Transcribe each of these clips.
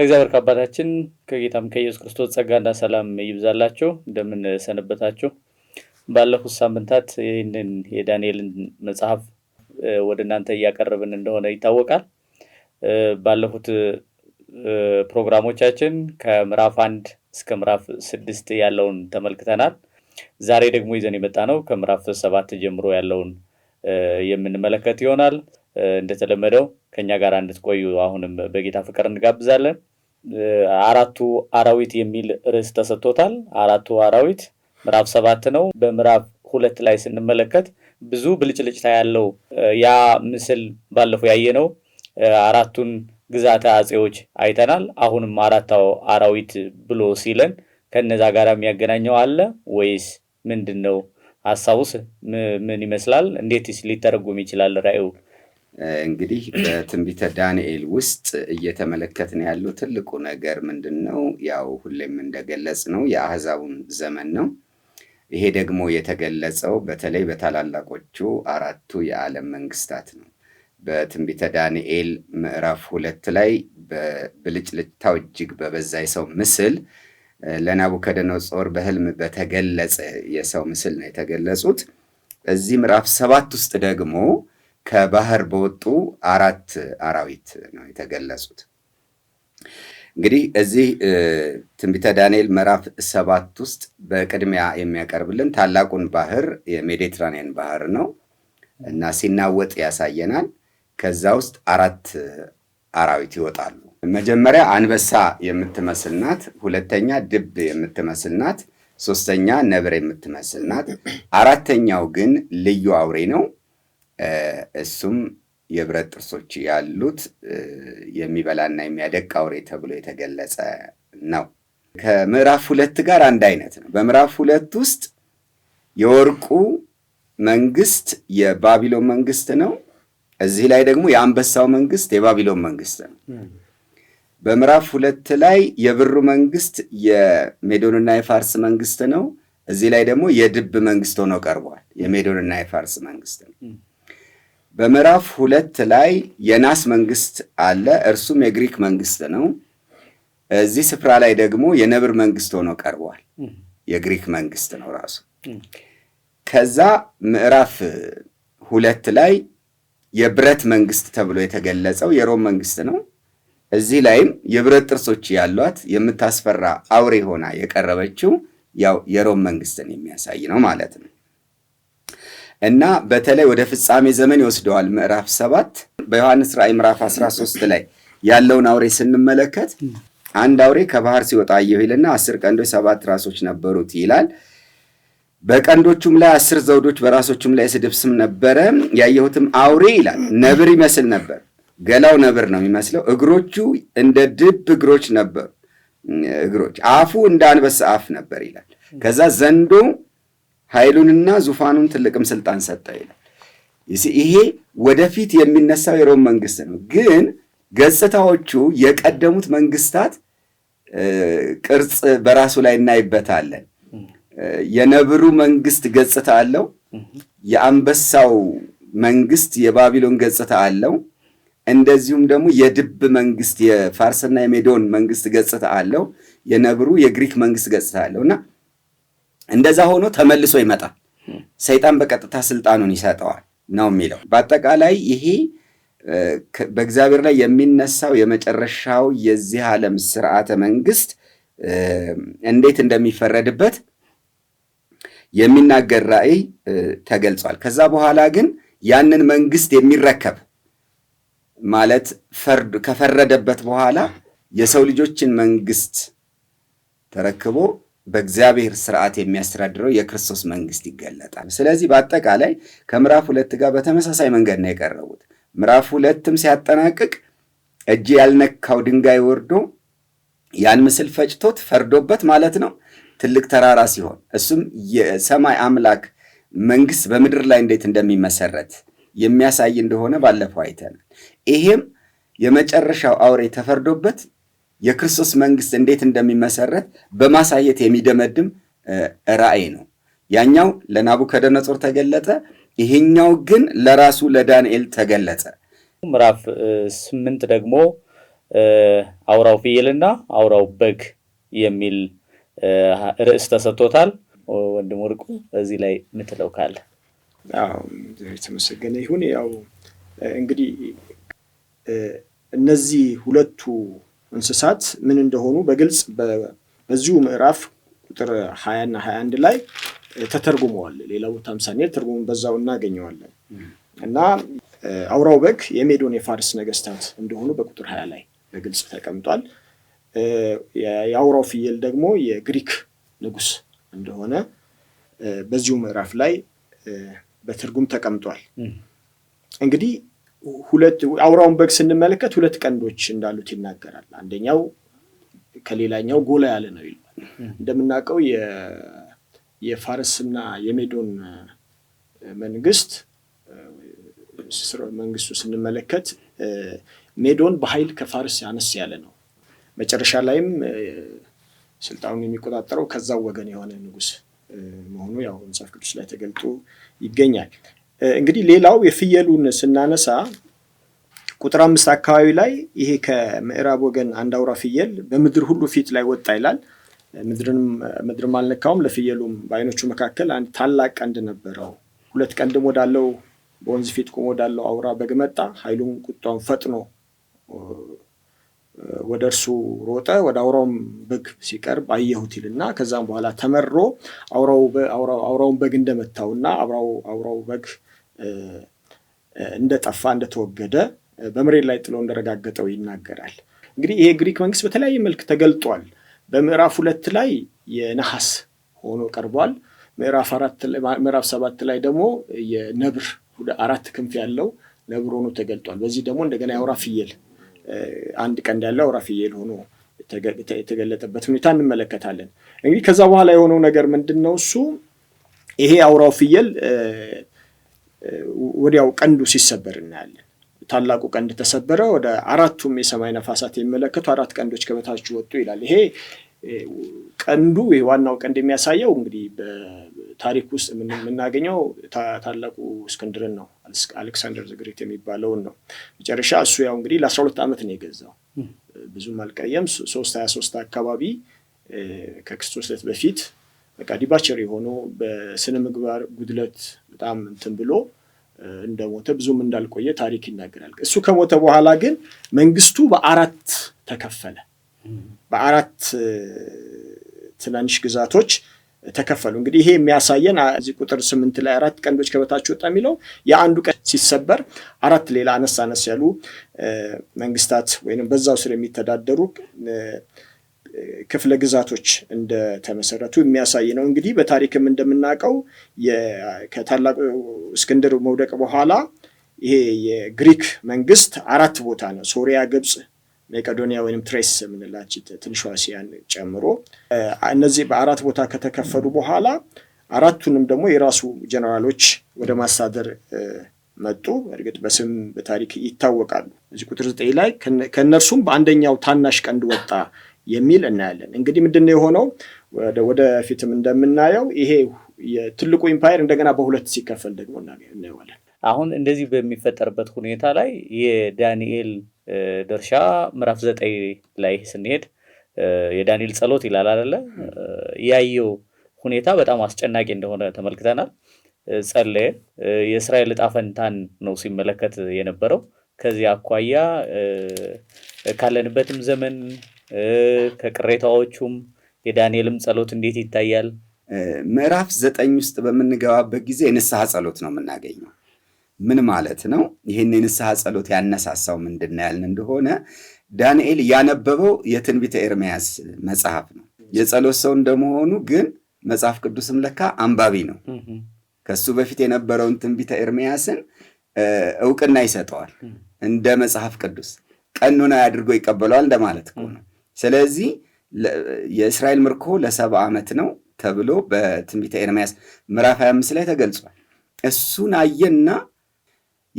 ከእግዚአብሔር ከአባታችን ከጌታም ከኢየሱስ ክርስቶስ ጸጋና ሰላም ይብዛላችሁ። እንደምንሰንበታችሁ ባለፉት ሳምንታት ይህንን የዳንኤልን መጽሐፍ ወደ እናንተ እያቀረብን እንደሆነ ይታወቃል። ባለፉት ፕሮግራሞቻችን ከምዕራፍ አንድ እስከ ምዕራፍ ስድስት ያለውን ተመልክተናል። ዛሬ ደግሞ ይዘን የመጣ ነው ከምዕራፍ ሰባት ጀምሮ ያለውን የምንመለከት ይሆናል። እንደተለመደው ከእኛ ጋር እንድትቆዩ አሁንም በጌታ ፍቅር እንጋብዛለን። አራቱ አራዊት የሚል ርዕስ ተሰጥቶታል። አራቱ አራዊት ምዕራፍ ሰባት ነው። በምዕራፍ ሁለት ላይ ስንመለከት ብዙ ብልጭልጭታ ያለው ያ ምስል ባለፈው ያየነው አራቱን ግዛተ አጼዎች አይተናል። አሁንም አራት አራዊት ብሎ ሲለን ከነዛ ጋር የሚያገናኘው አለ ወይስ ምንድን ነው? ሀሳቡስ ምን ይመስላል? እንዴትስ ሊተረጎም ይችላል ራእዩ? እንግዲህ በትንቢተ ዳንኤል ውስጥ እየተመለከትን ያለው ትልቁ ነገር ምንድን ነው? ያው ሁሌም እንደገለጽ ነው የአህዛቡን ዘመን ነው። ይሄ ደግሞ የተገለጸው በተለይ በታላላቆቹ አራቱ የዓለም መንግስታት ነው። በትንቢተ ዳንኤል ምዕራፍ ሁለት ላይ በብልጭልጭታው እጅግ በበዛ የሰው ምስል ለናቡከደነጾር በህልም በተገለጸ የሰው ምስል ነው የተገለጹት። እዚህ ምዕራፍ ሰባት ውስጥ ደግሞ ከባህር በወጡ አራት አራዊት ነው የተገለጹት። እንግዲህ እዚህ ትንቢተ ዳንኤል ምዕራፍ ሰባት ውስጥ በቅድሚያ የሚያቀርብልን ታላቁን ባህር የሜዲትራኒያን ባህር ነው እና ሲናወጥ ያሳየናል። ከዛ ውስጥ አራት አራዊት ይወጣሉ። መጀመሪያ አንበሳ የምትመስል ናት። ሁለተኛ ድብ የምትመስል ናት። ሶስተኛ ነብር የምትመስል ናት። አራተኛው ግን ልዩ አውሬ ነው። እሱም የብረት ጥርሶች ያሉት የሚበላና የሚያደቅ አውሬ ተብሎ የተገለጸ ነው። ከምዕራፍ ሁለት ጋር አንድ አይነት ነው። በምዕራፍ ሁለት ውስጥ የወርቁ መንግስት የባቢሎን መንግስት ነው። እዚህ ላይ ደግሞ የአንበሳው መንግስት የባቢሎን መንግስት ነው። በምዕራፍ ሁለት ላይ የብሩ መንግስት የሜዶንና የፋርስ መንግስት ነው። እዚህ ላይ ደግሞ የድብ መንግስት ሆኖ ቀርቧል። የሜዶንና የፋርስ መንግስት ነው። በምዕራፍ ሁለት ላይ የናስ መንግስት አለ። እርሱም የግሪክ መንግስት ነው። እዚህ ስፍራ ላይ ደግሞ የነብር መንግስት ሆኖ ቀርቧል። የግሪክ መንግስት ነው ራሱ። ከዛ ምዕራፍ ሁለት ላይ የብረት መንግስት ተብሎ የተገለጸው የሮም መንግስት ነው። እዚህ ላይም የብረት ጥርሶች ያሏት የምታስፈራ አውሬ ሆና የቀረበችው ያው የሮም መንግስትን የሚያሳይ ነው ማለት ነው። እና በተለይ ወደ ፍጻሜ ዘመን ይወስደዋል። ምዕራፍ ሰባት በዮሐንስ ራእይ ምዕራፍ 13 ላይ ያለውን አውሬ ስንመለከት አንድ አውሬ ከባህር ሲወጣ አየሁ ይልና አስር ቀንዶች ሰባት ራሶች ነበሩት ይላል። በቀንዶቹም ላይ አስር ዘውዶች በራሶቹም ላይ ስድብ ስም ነበረ። ያየሁትም አውሬ ይላል ነብር ይመስል ነበር። ገላው ነብር ነው የሚመስለው። እግሮቹ እንደ ድብ እግሮች ነበሩ እግሮች፣ አፉ እንደ አንበሳ አፍ ነበር ይላል። ከዛ ዘንዶ ኃይሉንና ዙፋኑን ትልቅም ስልጣን ሰጠ ይላል። ይሄ ወደፊት የሚነሳው የሮም መንግስት ነው። ግን ገጽታዎቹ የቀደሙት መንግስታት ቅርጽ በራሱ ላይ እናይበታለን። የነብሩ መንግስት ገጽታ አለው። የአንበሳው መንግስት የባቢሎን ገጽታ አለው። እንደዚሁም ደግሞ የድብ መንግስት የፋርስና የሜዶን መንግስት ገጽታ አለው። የነብሩ የግሪክ መንግስት ገጽታ አለው እና እንደዛ ሆኖ ተመልሶ ይመጣል። ሰይጣን በቀጥታ ስልጣኑን ይሰጠዋል ነው የሚለው። በአጠቃላይ ይሄ በእግዚአብሔር ላይ የሚነሳው የመጨረሻው የዚህ ዓለም ስርዓተ መንግስት እንዴት እንደሚፈረድበት የሚናገር ራእይ ተገልጿል። ከዛ በኋላ ግን ያንን መንግስት የሚረከብ ማለት ፈርድ ከፈረደበት በኋላ የሰው ልጆችን መንግስት ተረክቦ በእግዚአብሔር ስርዓት የሚያስተዳድረው የክርስቶስ መንግስት ይገለጣል። ስለዚህ በአጠቃላይ ከምዕራፍ ሁለት ጋር በተመሳሳይ መንገድ ነው የቀረቡት። ምዕራፍ ሁለትም ሲያጠናቅቅ እጅ ያልነካው ድንጋይ ወርዶ ያን ምስል ፈጭቶት ፈርዶበት ማለት ነው ትልቅ ተራራ ሲሆን እሱም የሰማይ አምላክ መንግስት በምድር ላይ እንዴት እንደሚመሰረት የሚያሳይ እንደሆነ ባለፈው አይተናል። ይሄም የመጨረሻው አውሬ ተፈርዶበት የክርስቶስ መንግስት እንዴት እንደሚመሰረት በማሳየት የሚደመድም ራእይ ነው። ያኛው ለናቡከደነጾር ተገለጠ፣ ይሄኛው ግን ለራሱ ለዳንኤል ተገለጠ። ምዕራፍ ስምንት ደግሞ አውራው ፍየልና አውራው በግ የሚል ርዕስ ተሰጥቶታል። ወንድም ወርቁ እዚህ ላይ ምትለው ካለ የተመሰገነ ይሁን። ያው እንግዲህ እነዚህ ሁለቱ እንስሳት ምን እንደሆኑ በግልጽ በዚሁ ምዕራፍ ቁጥር 20 እና 21 ላይ ተተርጉመዋል። ሌላ ቦታም ትርጉሙን በዛው እናገኘዋለን እና አውራው በግ የሜዶን የፋርስ ነገስታት እንደሆኑ በቁጥር 20 ላይ በግልጽ ተቀምጧል። የአውራው ፍየል ደግሞ የግሪክ ንጉስ እንደሆነ በዚሁ ምዕራፍ ላይ በትርጉም ተቀምጧል። እንግዲህ ሁለት አውራውን በግ ስንመለከት ሁለት ቀንዶች እንዳሉት ይናገራል። አንደኛው ከሌላኛው ጎላ ያለ ነው ይላል። እንደምናውቀው የፋርስና የሜዶን መንግስት መንግስቱ ስንመለከት ሜዶን በኃይል ከፋርስ አነስ ያለ ነው። መጨረሻ ላይም ስልጣኑን የሚቆጣጠረው ከዛው ወገን የሆነ ንጉስ መሆኑ ያው መጽሐፍ ቅዱስ ላይ ተገልጦ ይገኛል። እንግዲህ ሌላው የፍየሉን ስናነሳ ቁጥር አምስት አካባቢ ላይ ይሄ ከምዕራብ ወገን አንድ አውራ ፍየል በምድር ሁሉ ፊት ላይ ወጣ ይላል። ምድርም አልነካውም፣ ለፍየሉም በአይኖቹ መካከል አንድ ታላቅ ቀንድ ነበረው። ሁለት ቀንድም ወዳለው በወንዝ ፊት ቆሞ ወዳለው አውራ በግ መጣ። ኃይሉም ቁጣውን ፈጥኖ ወደ እርሱ ሮጠ። ወደ አውራውም በግ ሲቀርብ አየሁት ይልና ከዛም በኋላ ተመሮ አውራውን በግ እንደመታውና አውራው በግ እንደጠፋ እንደተወገደ በመሬት ላይ ጥሎ እንደረጋገጠው ይናገራል። እንግዲህ ይሄ ግሪክ መንግስት በተለያየ መልክ ተገልጧል። በምዕራፍ ሁለት ላይ የነሐስ ሆኖ ቀርቧል። ምዕራፍ ሰባት ላይ ደግሞ የነብር አራት ክንፍ ያለው ነብር ሆኖ ተገልጧል። በዚህ ደግሞ እንደገና የአውራ ፍየል አንድ ቀንድ ያለው አውራ ፍየል ሆኖ የተገለጠበት ሁኔታ እንመለከታለን። እንግዲህ ከዛ በኋላ የሆነው ነገር ምንድን ነው? እሱ ይሄ አውራው ፍየል ወዲያው ቀንዱ ሲሰበር እናያለን። ታላቁ ቀንድ ተሰበረ፣ ወደ አራቱም የሰማይ ነፋሳት የሚመለከቱ አራት ቀንዶች ከበታች ወጡ ይላል። ይሄ ቀንዱ ይህ ዋናው ቀንድ የሚያሳየው እንግዲህ በታሪክ ውስጥ የምናገኘው ታላቁ እስክንድርን ነው፣ አሌክሳንደር ዝግሪት የሚባለውን ነው። መጨረሻ እሱ ያው እንግዲህ ለአስራ ሁለት ዓመት ነው የገዛው፣ ብዙም አልቀየም። ሶስት ሀያ ሶስት አካባቢ ከክርስቶስ ልደት በፊት በቃ ዲባቸር የሆኑ በስነ ምግባር ጉድለት በጣም እንትን ብሎ እንደሞተ ብዙም እንዳልቆየ ታሪክ ይናገራል። እሱ ከሞተ በኋላ ግን መንግስቱ በአራት ተከፈለ። በአራት ትናንሽ ግዛቶች ተከፈሉ። እንግዲህ ይሄ የሚያሳየን እዚህ ቁጥር ስምንት ላይ አራት ቀንዶች ከበታች ወጣ የሚለው የአንዱ ቀንድ ሲሰበር አራት ሌላ አነስ አነስ ያሉ መንግስታት ወይም በዛው ስር የሚተዳደሩ ክፍለ ግዛቶች እንደተመሰረቱ የሚያሳይ ነው። እንግዲህ በታሪክም እንደምናውቀው ከታላቁ እስክንድር መውደቅ በኋላ ይሄ የግሪክ መንግስት አራት ቦታ ነው፣ ሶሪያ፣ ግብፅ፣ መቄዶኒያ ወይም ትሬስ የምንላች ትንሿ እስያን ጨምሮ እነዚህ በአራት ቦታ ከተከፈሉ በኋላ አራቱንም ደግሞ የራሱ ጀነራሎች ወደ ማሳደር መጡ። እርግጥ በስም በታሪክ ይታወቃሉ። እዚህ ቁጥር ዘጠኝ ላይ ከእነርሱም በአንደኛው ታናሽ ቀንድ ወጣ የሚል እናያለን። እንግዲህ ምንድነው የሆነው? ወደፊትም እንደምናየው ይሄ ትልቁ ኢምፓየር እንደገና በሁለት ሲከፈል ደግሞ እናየዋለን። አሁን እንደዚህ በሚፈጠርበት ሁኔታ ላይ የዳንኤል ድርሻ ምዕራፍ ዘጠኝ ላይ ስንሄድ የዳንኤል ጸሎት ይላል አይደለ? ያየው ሁኔታ በጣም አስጨናቂ እንደሆነ ተመልክተናል። ጸለየ። የእስራኤል ዕጣ ፈንታን ነው ሲመለከት የነበረው። ከዚህ አኳያ ካለንበትም ዘመን ከቅሬታዎቹም የዳንኤልም ጸሎት እንዴት ይታያል? ምዕራፍ ዘጠኝ ውስጥ በምንገባበት ጊዜ የንስሐ ጸሎት ነው የምናገኘው። ምን ማለት ነው? ይህን የንስሐ ጸሎት ያነሳሳው ምንድን ያልን እንደሆነ ዳንኤል ያነበበው የትንቢተ ኤርምያስ መጽሐፍ ነው። የጸሎት ሰው እንደመሆኑ ግን መጽሐፍ ቅዱስም ለካ አንባቢ ነው። ከሱ በፊት የነበረውን ትንቢተ ኤርምያስን እውቅና ይሰጠዋል። እንደ መጽሐፍ ቅዱስ ቀኖና አድርጎ ይቀበለዋል እንደማለት ነው። ስለዚህ የእስራኤል ምርኮ ለሰባ ዓመት ነው ተብሎ በትንቢተ ኤርምያስ ምዕራፍ 25 ላይ ተገልጿል። እሱን አየና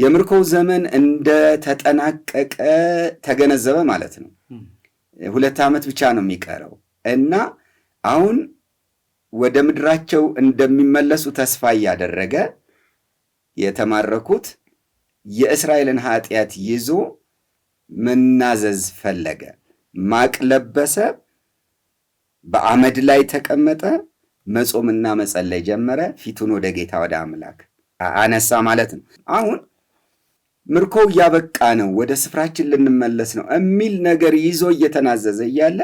የምርኮው ዘመን እንደተጠናቀቀ ተገነዘበ ማለት ነው። ሁለት ዓመት ብቻ ነው የሚቀረው እና አሁን ወደ ምድራቸው እንደሚመለሱ ተስፋ እያደረገ የተማረኩት የእስራኤልን ኃጢአት ይዞ መናዘዝ ፈለገ። ማቅ ለበሰ፣ በአመድ ላይ ተቀመጠ፣ መጾምና መጸለይ ጀመረ፣ ፊቱን ወደ ጌታ ወደ አምላክ አነሳ ማለት ነው። አሁን ምርኮው እያበቃ ነው፣ ወደ ስፍራችን ልንመለስ ነው የሚል ነገር ይዞ እየተናዘዘ እያለ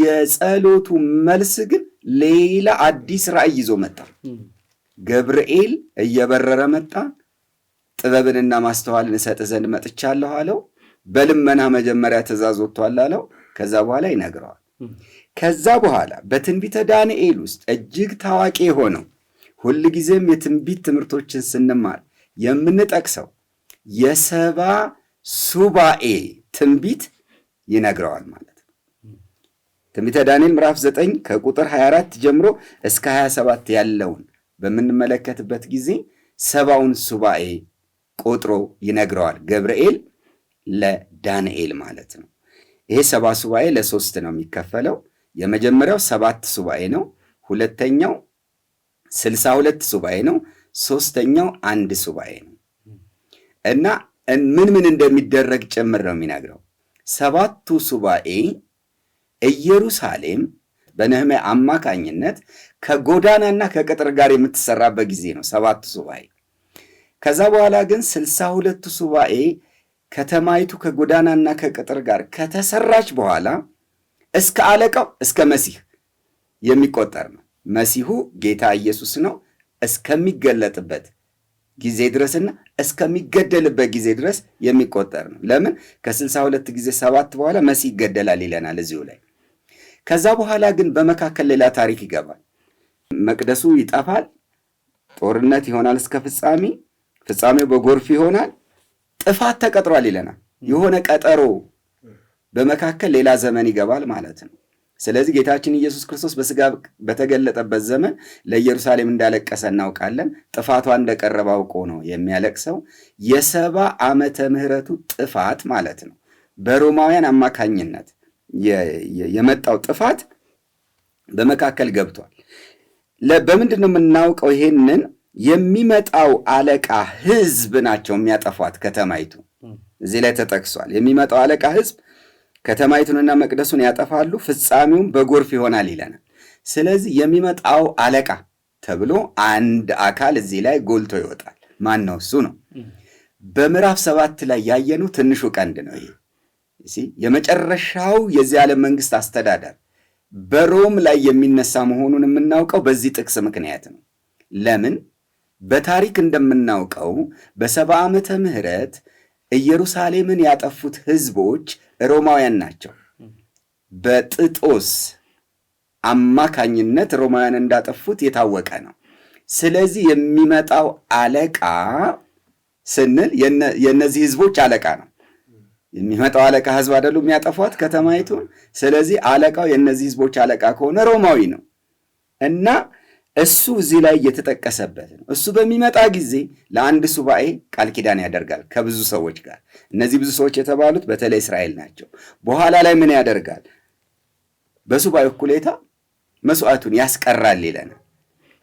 የጸሎቱ መልስ ግን ሌላ አዲስ ራዕይ ይዞ መጣ። ገብርኤል እየበረረ መጣ። ጥበብንና ማስተዋልን እሰጥ ዘንድ መጥቻለሁ አለው። በልመና መጀመሪያ ትእዛዝ ወጥቷል አለው። ከዛ በኋላ ይነግረዋል። ከዛ በኋላ በትንቢተ ዳንኤል ውስጥ እጅግ ታዋቂ የሆነው ሁልጊዜም የትንቢት ትምህርቶችን ስንማር የምንጠቅሰው የሰባ ሱባኤ ትንቢት ይነግረዋል ማለት ነው። ትንቢተ ዳንኤል ምዕራፍ 9 ከቁጥር 24 ጀምሮ እስከ 27 ያለውን በምንመለከትበት ጊዜ ሰባውን ሱባኤ ቆጥሮ ይነግረዋል ገብርኤል ለዳንኤል ማለት ነው። ይሄ ሰባ ሱባኤ ለሶስት ነው የሚከፈለው። የመጀመሪያው ሰባት ሱባኤ ነው። ሁለተኛው ስልሳ ሁለት ሱባኤ ነው። ሶስተኛው አንድ ሱባኤ ነው እና ምን ምን እንደሚደረግ ጭምር ነው የሚነግረው። ሰባቱ ሱባኤ ኢየሩሳሌም በነህምያ አማካኝነት ከጎዳናና ከቅጥር ጋር የምትሰራበት ጊዜ ነው ሰባቱ ሱባኤ። ከዛ በኋላ ግን ስልሳ ሁለቱ ሱባኤ ከተማይቱ ከጎዳናና ከቅጥር ጋር ከተሰራች በኋላ እስከ አለቃው እስከ መሲህ የሚቆጠር ነው። መሲሁ ጌታ ኢየሱስ ነው እስከሚገለጥበት ጊዜ ድረስና እስከሚገደልበት ጊዜ ድረስ የሚቆጠር ነው። ለምን ከስልሳ ሁለት ጊዜ ሰባት በኋላ መሲህ ይገደላል ይለናል እዚሁ ላይ። ከዛ በኋላ ግን በመካከል ሌላ ታሪክ ይገባል። መቅደሱ ይጠፋል፣ ጦርነት ይሆናል እስከ ፍጻሜ። ፍጻሜው በጎርፍ ይሆናል። ጥፋት ተቀጥሯል ይለናል። የሆነ ቀጠሮ በመካከል ሌላ ዘመን ይገባል ማለት ነው። ስለዚህ ጌታችን ኢየሱስ ክርስቶስ በስጋ በተገለጠበት ዘመን ለኢየሩሳሌም እንዳለቀሰ እናውቃለን። ጥፋቷ እንደቀረበ አውቆ ነው የሚያለቅሰው። የሰባ ዓመተ ምሕረቱ ጥፋት ማለት ነው። በሮማውያን አማካኝነት የመጣው ጥፋት በመካከል ገብቷል። በምንድን ነው የምናውቀው ይሄንን? የሚመጣው አለቃ ህዝብ ናቸው የሚያጠፏት ከተማይቱ። እዚህ ላይ ተጠቅሷል። የሚመጣው አለቃ ህዝብ ከተማይቱንና መቅደሱን ያጠፋሉ፣ ፍጻሜውም በጎርፍ ይሆናል ይለናል። ስለዚህ የሚመጣው አለቃ ተብሎ አንድ አካል እዚህ ላይ ጎልቶ ይወጣል። ማን ነው? እሱ ነው። በምዕራፍ ሰባት ላይ ያየነው ትንሹ ቀንድ ነው። ይሄ የመጨረሻው የዚህ ዓለም መንግስት አስተዳደር በሮም ላይ የሚነሳ መሆኑን የምናውቀው በዚህ ጥቅስ ምክንያት ነው። ለምን በታሪክ እንደምናውቀው በሰባ ዓመተ ምህረት ኢየሩሳሌምን ያጠፉት ህዝቦች ሮማውያን ናቸው። በጥጦስ አማካኝነት ሮማውያን እንዳጠፉት የታወቀ ነው። ስለዚህ የሚመጣው አለቃ ስንል የእነዚህ ህዝቦች አለቃ ነው። የሚመጣው አለቃ ህዝብ አይደሉ የሚያጠፏት ከተማይቱን። ስለዚህ አለቃው የእነዚህ ህዝቦች አለቃ ከሆነ ሮማዊ ነው እና እሱ እዚህ ላይ ነው። እሱ በሚመጣ ጊዜ ለአንድ ሱባኤ ቃል ኪዳን ያደርጋል ከብዙ ሰዎች ጋር። እነዚህ ብዙ ሰዎች የተባሉት በተለይ እስራኤል ናቸው። በኋላ ላይ ምን ያደርጋል? በሱባኤ እኩሌታ መስዋዕቱን ያስቀራል ይለናል።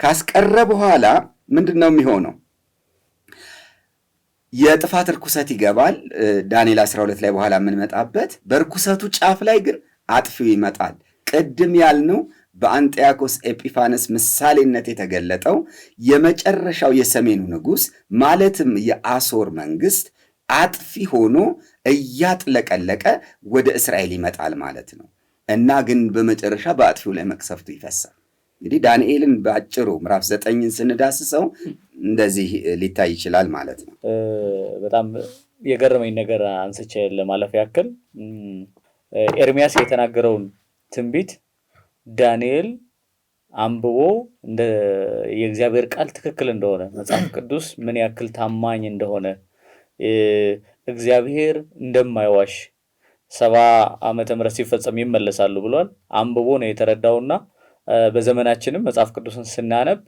ካስቀረ በኋላ ምንድን ነው የሚሆነው? የጥፋት እርኩሰት ይገባል። ዳንኤል 12 ላይ በኋላ የምንመጣበት። በእርኩሰቱ ጫፍ ላይ ግን አጥፊው ይመጣል። ቅድም ያልነው በአንጢያኮስ ኤጲፋነስ ምሳሌነት የተገለጠው የመጨረሻው የሰሜኑ ንጉሥ ማለትም የአሶር መንግሥት አጥፊ ሆኖ እያጥለቀለቀ ወደ እስራኤል ይመጣል ማለት ነው እና ግን በመጨረሻ በአጥፊው ላይ መቅሰፍቱ ይፈሳል። እንግዲህ ዳንኤልን በአጭሩ ምዕራፍ ዘጠኝን ስንዳስሰው እንደዚህ ሊታይ ይችላል ማለት ነው። በጣም የገረመኝ ነገር አንስቼ ለማለፍ ያክል ኤርሚያስ የተናገረውን ትንቢት ዳንኤል አንብቦ እንደ የእግዚአብሔር ቃል ትክክል እንደሆነ መጽሐፍ ቅዱስ ምን ያክል ታማኝ እንደሆነ እግዚአብሔር እንደማይዋሽ ሰባ ዓመተ ምሕረት ሲፈጸም ይመለሳሉ ብሏል። አንብቦ ነው የተረዳውና በዘመናችንም መጽሐፍ ቅዱስን ስናነብ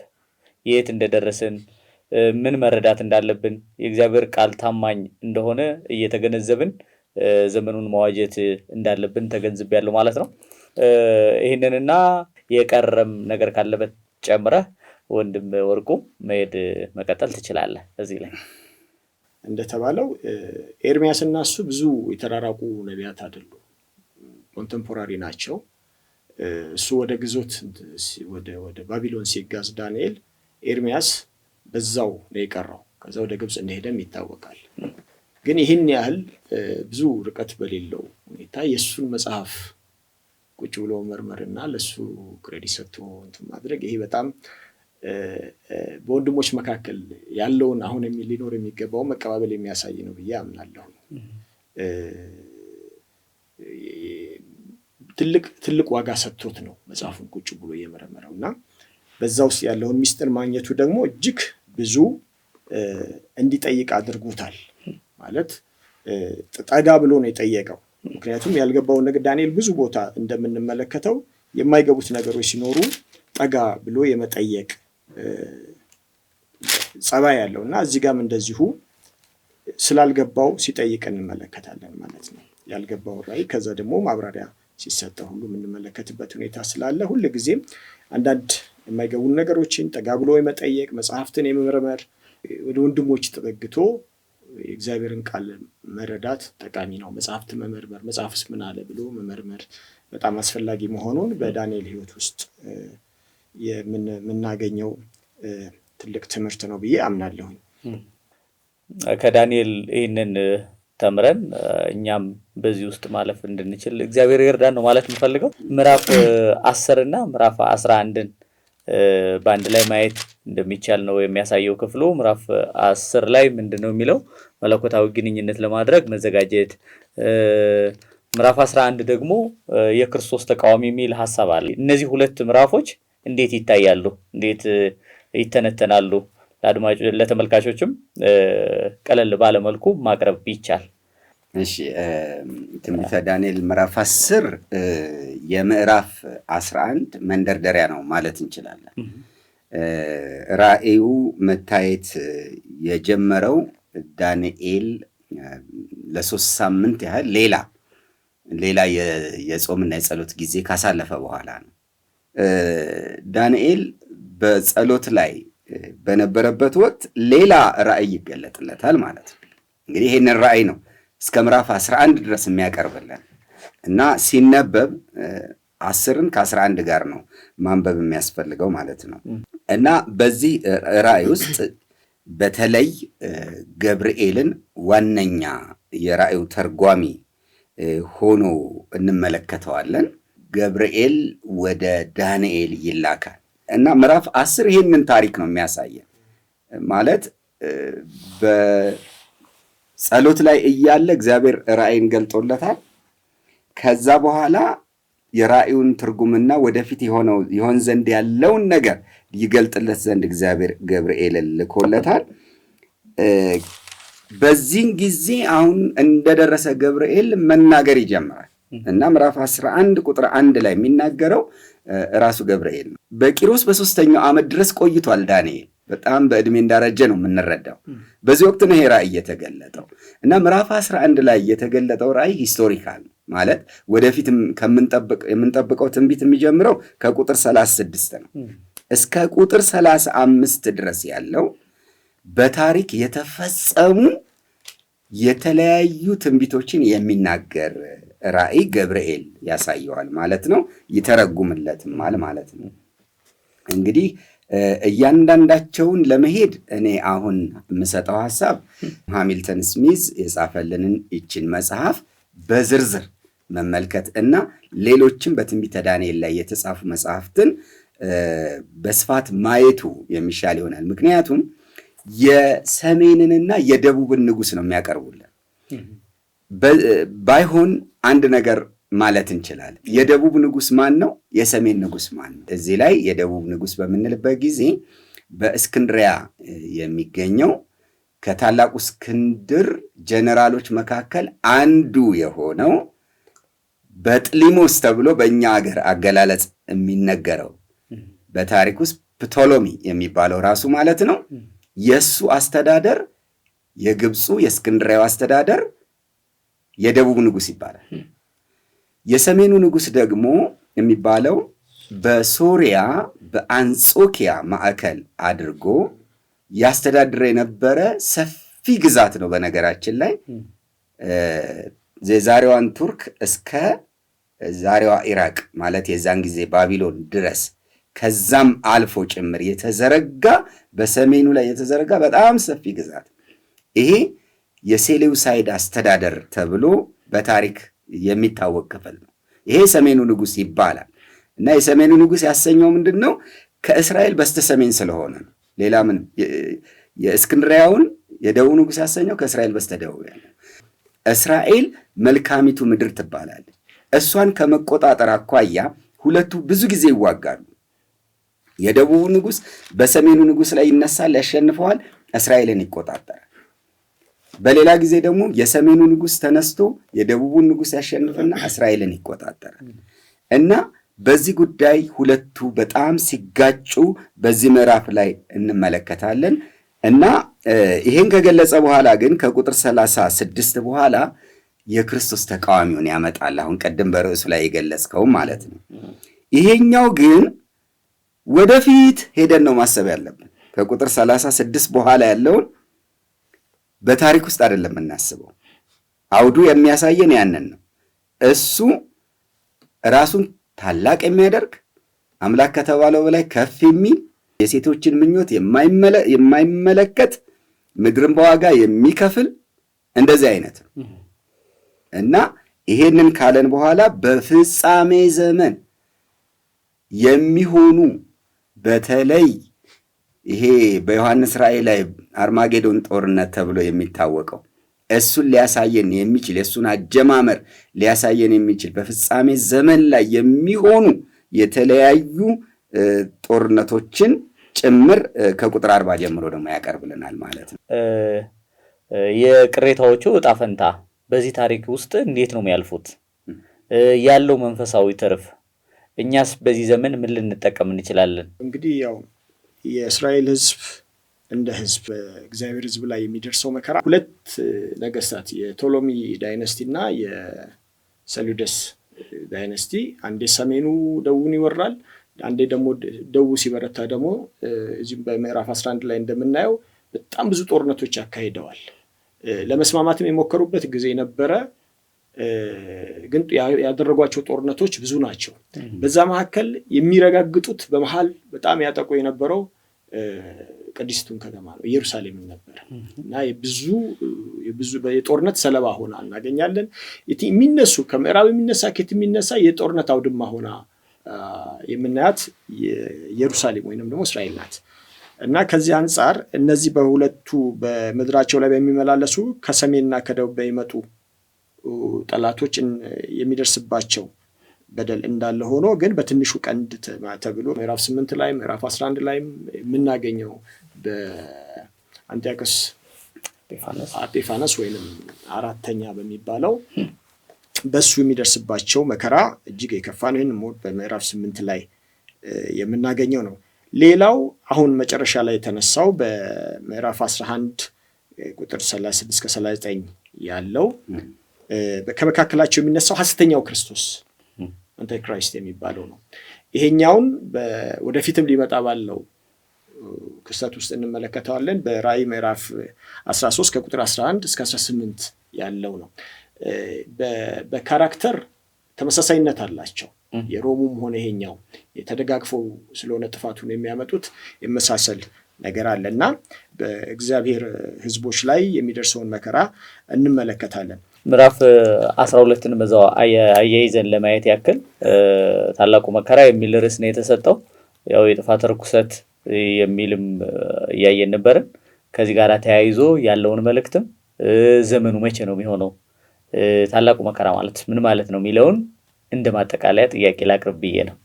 የት እንደደረስን ምን መረዳት እንዳለብን የእግዚአብሔር ቃል ታማኝ እንደሆነ እየተገነዘብን ዘመኑን መዋጀት እንዳለብን ተገንዝቤያለሁ ማለት ነው። ይህንንና የቀረም ነገር ካለበት ጨምረህ ወንድም ወርቁ መሄድ መቀጠል ትችላለህ። እዚህ ላይ እንደተባለው ኤርሚያስ እና እሱ ብዙ የተራራቁ ነቢያት አይደሉ። ኮንተምፖራሪ ናቸው። እሱ ወደ ግዞት ወደ ባቢሎን ሲጋዝ ዳንኤል ኤርሚያስ በዛው ነው የቀረው። ከዛ ወደ ግብፅ እንደሄደም ይታወቃል። ግን ይህን ያህል ብዙ ርቀት በሌለው ሁኔታ የእሱን መጽሐፍ ቁጭ ብሎ እና ለሱ ክሬዲት ሰጥቶ እንትን ማድረግ ይሄ በጣም በወንድሞች መካከል ያለውን አሁን ሊኖር የሚገባው መቀባበል የሚያሳይ ነው ብዬ አምናለሁ። ትልቅ ትልቅ ዋጋ ሰጥቶት ነው መጽሐፉን ቁጭ ብሎ እየመረመረው እና በዛ ውስጥ ያለውን ሚስጥር ማግኘቱ ደግሞ እጅግ ብዙ እንዲጠይቅ አድርጎታል። ማለት ጠጋ ብሎ ነው የጠየቀው ምክንያቱም ያልገባውን ነገር ዳንኤል ብዙ ቦታ እንደምንመለከተው የማይገቡት ነገሮች ሲኖሩ ጠጋ ብሎ የመጠየቅ ጸባይ ያለው እና እዚህ ጋም እንደዚሁ ስላልገባው ሲጠይቅ እንመለከታለን ማለት ነው። ያልገባው ራይ ከዛ ደግሞ ማብራሪያ ሲሰጠ ሁሉ የምንመለከትበት ሁኔታ ስላለ ሁል ጊዜም አንዳንድ የማይገቡን ነገሮችን ጠጋ ብሎ የመጠየቅ መጽሐፍትን የመመርመር ወደ ወንድሞች ተጠግቶ የእግዚአብሔርን ቃል መረዳት ጠቃሚ ነው። መጽሐፍት መመርመር፣ መጽሐፍስ ምን አለ ብሎ መመርመር በጣም አስፈላጊ መሆኑን በዳንኤል ሕይወት ውስጥ የምናገኘው ትልቅ ትምህርት ነው ብዬ አምናለሁኝ። ከዳንኤል ይህንን ተምረን እኛም በዚህ ውስጥ ማለፍ እንድንችል እግዚአብሔር ይርዳን ነው ማለት የምፈልገው። ምዕራፍ አስር እና ምዕራፍ አስራ አንድን በአንድ ላይ ማየት እንደሚቻል ነው የሚያሳየው ክፍሉ። ምዕራፍ አስር ላይ ምንድን ነው የሚለው? መለኮታዊ ግንኙነት ለማድረግ መዘጋጀት። ምዕራፍ አስራ አንድ ደግሞ የክርስቶስ ተቃዋሚ የሚል ሀሳብ አለ። እነዚህ ሁለት ምዕራፎች እንዴት ይታያሉ? እንዴት ይተነተናሉ? ለአድማጮች ለተመልካቾችም ቀለል ባለመልኩ ማቅረብ ይቻል እሺ ትንቢተ ዳንኤል ምዕራፍ አስር የምዕራፍ አስራ አንድ መንደርደሪያ ነው ማለት እንችላለን። ራእዩ መታየት የጀመረው ዳንኤል ለሶስት ሳምንት ያህል ሌላ ሌላ የጾምና የጸሎት ጊዜ ካሳለፈ በኋላ ነው። ዳንኤል በጸሎት ላይ በነበረበት ወቅት ሌላ ራእይ ይገለጥለታል ማለት ነው። እንግዲህ ይህንን ራእይ ነው እስከ ምዕራፍ 11 ድረስ የሚያቀርብልን እና ሲነበብ አስርን ከ11 ጋር ነው ማንበብ የሚያስፈልገው ማለት ነው። እና በዚህ ራእይ ውስጥ በተለይ ገብርኤልን ዋነኛ የራእዩ ተርጓሚ ሆኖ እንመለከተዋለን። ገብርኤል ወደ ዳንኤል ይላካል እና ምዕራፍ አስር ይህንን ታሪክ ነው የሚያሳየን ማለት ጸሎት ላይ እያለ እግዚአብሔር ራእይን ገልጦለታል። ከዛ በኋላ የራእዩን ትርጉምና ወደፊት የሆነው ይሆን ዘንድ ያለውን ነገር ይገልጥለት ዘንድ እግዚአብሔር ገብርኤል ልኮለታል። በዚህን ጊዜ አሁን እንደደረሰ ገብርኤል መናገር ይጀምራል እና ምዕራፍ 11 ቁጥር አንድ ላይ የሚናገረው ራሱ ገብርኤል ነው። በቂሮስ በሶስተኛው ዓመት ድረስ ቆይቷል ዳንኤል በጣም በእድሜ እንዳረጀ ነው የምንረዳው። በዚህ ወቅት ነው ይሄ ራእይ የተገለጠው እና ምዕራፍ 11 ላይ የተገለጠው ራእይ ሂስቶሪካል ማለት ወደፊት የምንጠብቀው ትንቢት የሚጀምረው ከቁጥር 36 ነው እስከ ቁጥር 35 ድረስ ያለው በታሪክ የተፈጸሙ የተለያዩ ትንቢቶችን የሚናገር ራእይ ገብርኤል ያሳየዋል ማለት ነው። ይተረጉምለትማል ማለት ነው እንግዲህ እያንዳንዳቸውን ለመሄድ እኔ አሁን የምሰጠው ሀሳብ ሃሚልተን ስሚዝ የጻፈልንን ይችን መጽሐፍ በዝርዝር መመልከት እና ሌሎችም በትንቢተ ዳንኤል ላይ የተጻፉ መጽሐፍትን በስፋት ማየቱ የሚሻል ይሆናል። ምክንያቱም የሰሜንንና የደቡብን ንጉሥ ነው የሚያቀርቡልን። ባይሆን አንድ ነገር ማለት እንችላለን። የደቡብ ንጉስ ማን ነው? የሰሜን ንጉስ ማን ነው? እዚህ ላይ የደቡብ ንጉስ በምንልበት ጊዜ በእስክንድሪያ የሚገኘው ከታላቁ እስክንድር ጀነራሎች መካከል አንዱ የሆነው በጥሊሞስ ተብሎ በእኛ ሀገር አገላለጽ የሚነገረው በታሪክ ውስጥ ፕቶሎሚ የሚባለው ራሱ ማለት ነው። የእሱ አስተዳደር የግብፁ የእስክንድሪያው አስተዳደር የደቡብ ንጉስ ይባላል። የሰሜኑ ንጉስ ደግሞ የሚባለው በሶሪያ በአንጾኪያ ማዕከል አድርጎ ያስተዳድረ የነበረ ሰፊ ግዛት ነው። በነገራችን ላይ የዛሬዋን ቱርክ እስከ ዛሬዋ ኢራቅ ማለት የዛን ጊዜ ባቢሎን ድረስ ከዛም አልፎ ጭምር የተዘረጋ በሰሜኑ ላይ የተዘረጋ በጣም ሰፊ ግዛት ይሄ የሴሌውሳይድ አስተዳደር ተብሎ በታሪክ የሚታወቅ ክፍል ነው። ይሄ ሰሜኑ ንጉስ ይባላል እና የሰሜኑ ንጉስ ያሰኘው ምንድን ነው? ከእስራኤል ሰሜን ስለሆነ ነው። ሌላ ምንም የእስክንድሪያውን የደቡብ ንጉስ ያሰኘው ከእስራኤል በስተደቡብ ያለው እስራኤል መልካሚቱ ምድር ትባላለች። እሷን ከመቆጣጠር አኳያ ሁለቱ ብዙ ጊዜ ይዋጋሉ። የደቡቡ ንጉስ በሰሜኑ ንጉስ ላይ ይነሳል፣ ያሸንፈዋል፣ እስራኤልን ይቆጣጠራል። በሌላ ጊዜ ደግሞ የሰሜኑ ንጉስ ተነስቶ የደቡቡን ንጉስ ያሸንፍና እስራኤልን ይቆጣጠራል እና በዚህ ጉዳይ ሁለቱ በጣም ሲጋጩ በዚህ ምዕራፍ ላይ እንመለከታለን እና ይህን ከገለጸ በኋላ ግን ከቁጥር ሰላሳ ስድስት በኋላ የክርስቶስ ተቃዋሚውን ያመጣል። አሁን ቀደም በርዕሱ ላይ የገለጽከው ማለት ነው። ይሄኛው ግን ወደፊት ሄደን ነው ማሰብ ያለብን። ከቁጥር ሰላሳ ስድስት በኋላ ያለውን በታሪክ ውስጥ አይደለም የምናስበው። አውዱ የሚያሳየን ያንን ነው። እሱ ራሱን ታላቅ የሚያደርግ አምላክ ከተባለው በላይ ከፍ የሚል የሴቶችን ምኞት የማይመለከት ምድርን በዋጋ የሚከፍል እንደዚህ አይነት ነው እና ይሄንን ካለን በኋላ በፍጻሜ ዘመን የሚሆኑ በተለይ ይሄ በዮሐንስ ራእይ ላይ አርማጌዶን ጦርነት ተብሎ የሚታወቀው እሱን ሊያሳየን የሚችል የእሱን አጀማመር ሊያሳየን የሚችል በፍጻሜ ዘመን ላይ የሚሆኑ የተለያዩ ጦርነቶችን ጭምር ከቁጥር አርባ ጀምሮ ደግሞ ያቀርብልናል ማለት ነው። የቅሬታዎቹ እጣ ፈንታ በዚህ ታሪክ ውስጥ እንዴት ነው የሚያልፉት? ያለው መንፈሳዊ ትርፍ እኛስ በዚህ ዘመን ምን ልንጠቀም እንችላለን? እንግዲህ ያው የእስራኤል ህዝብ እንደ ህዝብ በእግዚአብሔር ህዝብ ላይ የሚደርሰው መከራ ሁለት ነገስታት የቶሎሚ ዳይነስቲ እና የሰሉደስ ዳይነስቲ አንዴ ሰሜኑ ደቡብን ይወራል፣ አንዴ ደግሞ ደቡብ ሲበረታ ደግሞ እዚሁም በምዕራፍ 11 ላይ እንደምናየው በጣም ብዙ ጦርነቶች አካሂደዋል። ለመስማማትም የሞከሩበት ጊዜ ነበረ። ግን ያደረጓቸው ጦርነቶች ብዙ ናቸው። በዛ መካከል የሚረጋግጡት በመሀል በጣም ያጠቁ የነበረው ቅድስቱን ከተማ ነው ኢየሩሳሌምን ነበር እና የብዙ የጦርነት ሰለባ ሆና እናገኛለን። የሚነሱ ከምዕራብ የሚነሳ ከየት የሚነሳ የጦርነት አውድማ ሆና የምናያት ኢየሩሳሌም ወይንም ደግሞ እስራኤል ናት እና ከዚህ አንጻር እነዚህ በሁለቱ በምድራቸው ላይ በሚመላለሱ ከሰሜንና ከደቡብ በሚመጡ ጠላቶች የሚደርስባቸው በደል እንዳለ ሆኖ ግን በትንሹ ቀንድ ተብሎ ምዕራፍ ስምንት ላይ ምዕራፍ አስራ አንድ ላይም የምናገኘው በአንቲያክስ አጴፋነስ ወይንም አራተኛ በሚባለው በሱ የሚደርስባቸው መከራ እጅግ የከፋ ነው። ይህን ሞት በምዕራፍ ስምንት ላይ የምናገኘው ነው። ሌላው አሁን መጨረሻ ላይ የተነሳው በምዕራፍ 11 ቁጥር 36 እስከ ያለው ከመካከላቸው የሚነሳው ሀስተኛው ክርስቶስ አንታይክራይስት የሚባለው ነው። ይሄኛውን ወደፊትም ሊመጣ ባለው ክስተት ውስጥ እንመለከተዋለን። በራይ ምዕራፍ 13 ከቁጥር 11 እስከ 18 ያለው ነው። በካራክተር ተመሳሳይነት አላቸው። የሮሙም ሆነ ይሄኛው የተደጋግፈው ስለሆነ ጥፋቱን የሚያመጡት የመሳሰል ነገር አለ እና በእግዚአብሔር ህዝቦች ላይ የሚደርሰውን መከራ እንመለከታለን። ምዕራፍ አስራ ሁለትን በዛው አያይዘን ለማየት ያክል ታላቁ መከራ የሚል ርዕስ ነው የተሰጠው። ያው የጥፋት ርኩሰት የሚልም እያየን ነበርን። ከዚህ ጋር ተያይዞ ያለውን መልእክትም ዘመኑ መቼ ነው የሚሆነው፣ ታላቁ መከራ ማለት ምን ማለት ነው የሚለውን እንደ ማጠቃለያ ጥያቄ ላቅርብ ብዬ ነው።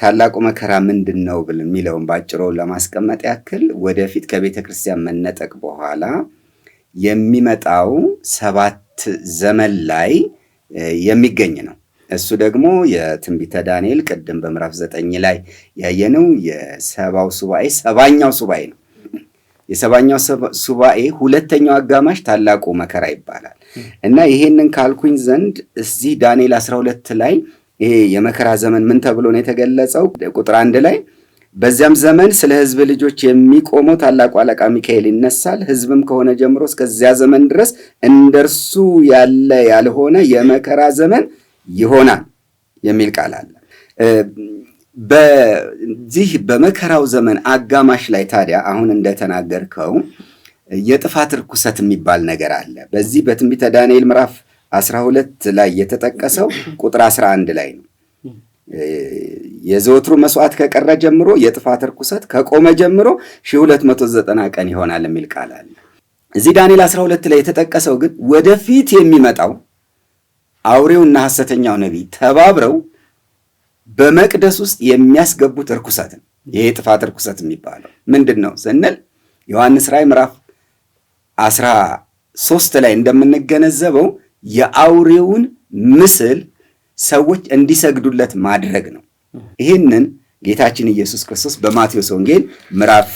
ታላቁ መከራ ምንድን ነው ብል የሚለውን በአጭሩ ለማስቀመጥ ያክል ወደፊት ከቤተ ክርስቲያን መነጠቅ በኋላ የሚመጣው ሰባት ዘመን ላይ የሚገኝ ነው። እሱ ደግሞ የትንቢተ ዳንኤል ቅድም በምዕራፍ ዘጠኝ ላይ ያየነው የሰባው ሱባኤ ሰባኛው ሱባኤ ነው። የሰባኛው ሱባኤ ሁለተኛው አጋማሽ ታላቁ መከራ ይባላል እና ይሄንን ካልኩኝ ዘንድ እዚህ ዳንኤል 12 ላይ ይሄ የመከራ ዘመን ምን ተብሎ ነው የተገለጸው? ቁጥር አንድ ላይ በዚያም ዘመን ስለ ሕዝብ ልጆች የሚቆመው ታላቁ አለቃ ሚካኤል ይነሳል። ሕዝብም ከሆነ ጀምሮ እስከዚያ ዘመን ድረስ እንደርሱ ያለ ያልሆነ የመከራ ዘመን ይሆናል የሚል ቃል አለ። በዚህ በመከራው ዘመን አጋማሽ ላይ ታዲያ አሁን እንደተናገርከው የጥፋት ርኩሰት የሚባል ነገር አለ። በዚህ በትንቢተ ዳንኤል ምዕራፍ 12 ላይ የተጠቀሰው ቁጥር 11 ላይ ነው። የዘወትሩ መስዋዕት ከቀረ ጀምሮ የጥፋት ርኩሰት ከቆመ ጀምሮ 290 ቀን ይሆናል የሚል ቃል አለ። እዚህ ዳንኤል 12 ላይ የተጠቀሰው ግን ወደፊት የሚመጣው አውሬውና ሐሰተኛው ነቢይ ተባብረው በመቅደስ ውስጥ የሚያስገቡት ነው። ይሄ የጥፋት እርኩሰት የሚባለው ምንድን ነው ስንል ዮሐንስ ራእይ ምዕራፍ 13 ላይ እንደምንገነዘበው የአውሬውን ምስል ሰዎች እንዲሰግዱለት ማድረግ ነው። ይህንን ጌታችን ኢየሱስ ክርስቶስ በማቴዎስ ወንጌል ምዕራፍ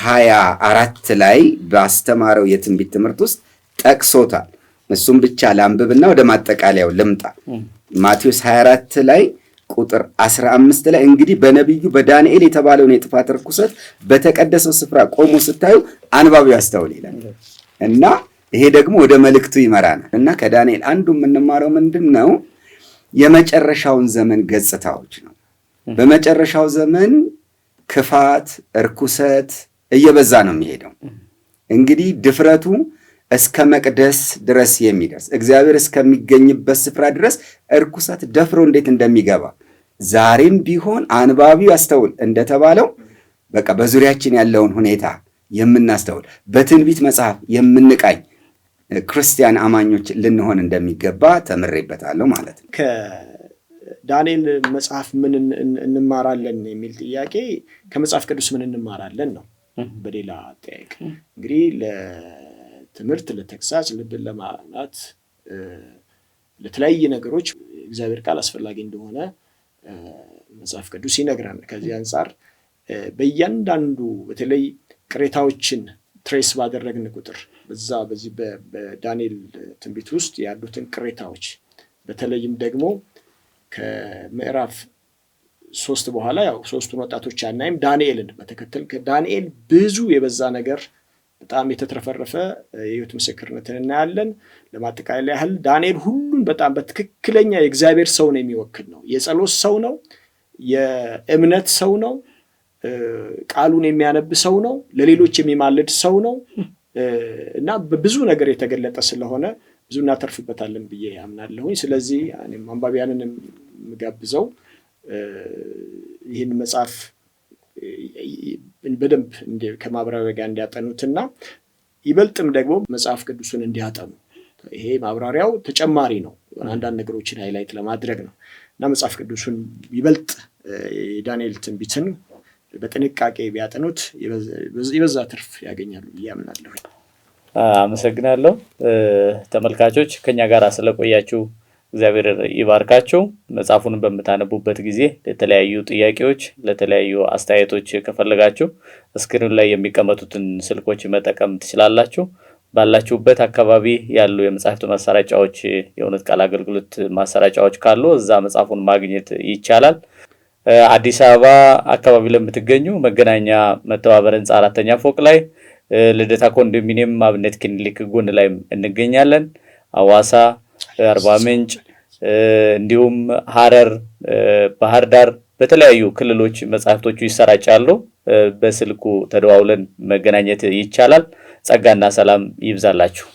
ሀያ አራት ላይ ባስተማረው የትንቢት ትምህርት ውስጥ ጠቅሶታል። እሱም ብቻ ለአንብብና ወደ ማጠቃለያው ልምጣ። ማቴዎስ 24 ላይ ቁጥር 15 ላይ እንግዲህ በነቢዩ በዳንኤል የተባለውን የጥፋት ርኩሰት በተቀደሰው ስፍራ ቆሞ ስታዩ አንባቢው ያስተውል ይላል እና ይሄ ደግሞ ወደ መልእክቱ ይመራናል እና ከዳንኤል አንዱ የምንማረው ምንድን ነው? የመጨረሻውን ዘመን ገጽታዎች ነው። በመጨረሻው ዘመን ክፋት፣ እርኩሰት እየበዛ ነው የሚሄደው። እንግዲህ ድፍረቱ እስከ መቅደስ ድረስ የሚደርስ እግዚአብሔር እስከሚገኝበት ስፍራ ድረስ እርኩሰት ደፍሮ እንዴት እንደሚገባ ዛሬም ቢሆን አንባቢው ያስተውል እንደተባለው በቃ በዙሪያችን ያለውን ሁኔታ የምናስተውል በትንቢት መጽሐፍ የምንቃኝ ክርስቲያን አማኞች ልንሆን እንደሚገባ ተምሬበታለሁ ማለት ነው። ከዳንኤል መጽሐፍ ምን እንማራለን የሚል ጥያቄ ከመጽሐፍ ቅዱስ ምን እንማራለን ነው። በሌላ አጠያየቅ እንግዲህ ለትምህርት፣ ለተግሳጽ፣ ልብን ለማላት ለተለያየ ነገሮች እግዚአብሔር ቃል አስፈላጊ እንደሆነ መጽሐፍ ቅዱስ ይነግራል። ከዚህ አንጻር በእያንዳንዱ በተለይ ቅሬታዎችን ትሬስ ባደረግን ቁጥር በዛ በዚህ በዳንኤል ትንቢት ውስጥ ያሉትን ቅሬታዎች በተለይም ደግሞ ከምዕራፍ ሶስት በኋላ ያው ሶስቱን ወጣቶች አናይም፣ ዳንኤልን በተከተል ከዳንኤል ብዙ የበዛ ነገር በጣም የተትረፈረፈ የህይወት ምስክርነትን እናያለን። ለማጠቃለል ያህል ዳንኤል ሁሉን በጣም በትክክለኛ የእግዚአብሔር ሰው ነው የሚወክል ነው። የጸሎት ሰው ነው። የእምነት ሰው ነው። ቃሉን የሚያነብ ሰው ነው፣ ለሌሎች የሚማልድ ሰው ነው እና በብዙ ነገር የተገለጠ ስለሆነ ብዙ እናተርፍበታለን ብዬ አምናለሁኝ። ስለዚህ አንባቢያንን የምጋብዘው ይህን መጽሐፍ በደንብ ከማብራሪ ጋር እንዲያጠኑትና ይበልጥም ደግሞ መጽሐፍ ቅዱስን እንዲያጠኑ ይሄ ማብራሪያው ተጨማሪ ነው። አንዳንድ ነገሮችን ሃይላይት ለማድረግ ነው እና መጽሐፍ ቅዱሱን ይበልጥ የዳንኤል ትንቢትን በጥንቃቄ ቢያጠኑት የበዛ ትርፍ ያገኛሉ ብዬ አመሰግናለሁ። ተመልካቾች ከኛ ጋር ስለቆያችሁ እግዚአብሔር ይባርካቸው። መጽሐፉን በምታነቡበት ጊዜ ለተለያዩ ጥያቄዎች፣ ለተለያዩ አስተያየቶች ከፈለጋችሁ እስክሪኑ ላይ የሚቀመጡትን ስልኮች መጠቀም ትችላላችሁ። ባላችሁበት አካባቢ ያሉ የመጽሐፍት ማሰራጫዎች፣ የእውነት ቃል አገልግሎት ማሰራጫዎች ካሉ እዛ መጽሐፉን ማግኘት ይቻላል። አዲስ አበባ አካባቢ ለምትገኙ መገናኛ መተባበር ህንፃ አራተኛ ፎቅ ላይ ልደታ ኮንዶሚኒየም አብነት ክሊኒክ ጎን ላይ እንገኛለን። አዋሳ፣ አርባ ምንጭ እንዲሁም ሀረር፣ ባህር ዳር በተለያዩ ክልሎች መጽሐፍቶቹ ይሰራጫሉ። በስልኩ ተደዋውለን መገናኘት ይቻላል። ጸጋና ሰላም ይብዛላችሁ።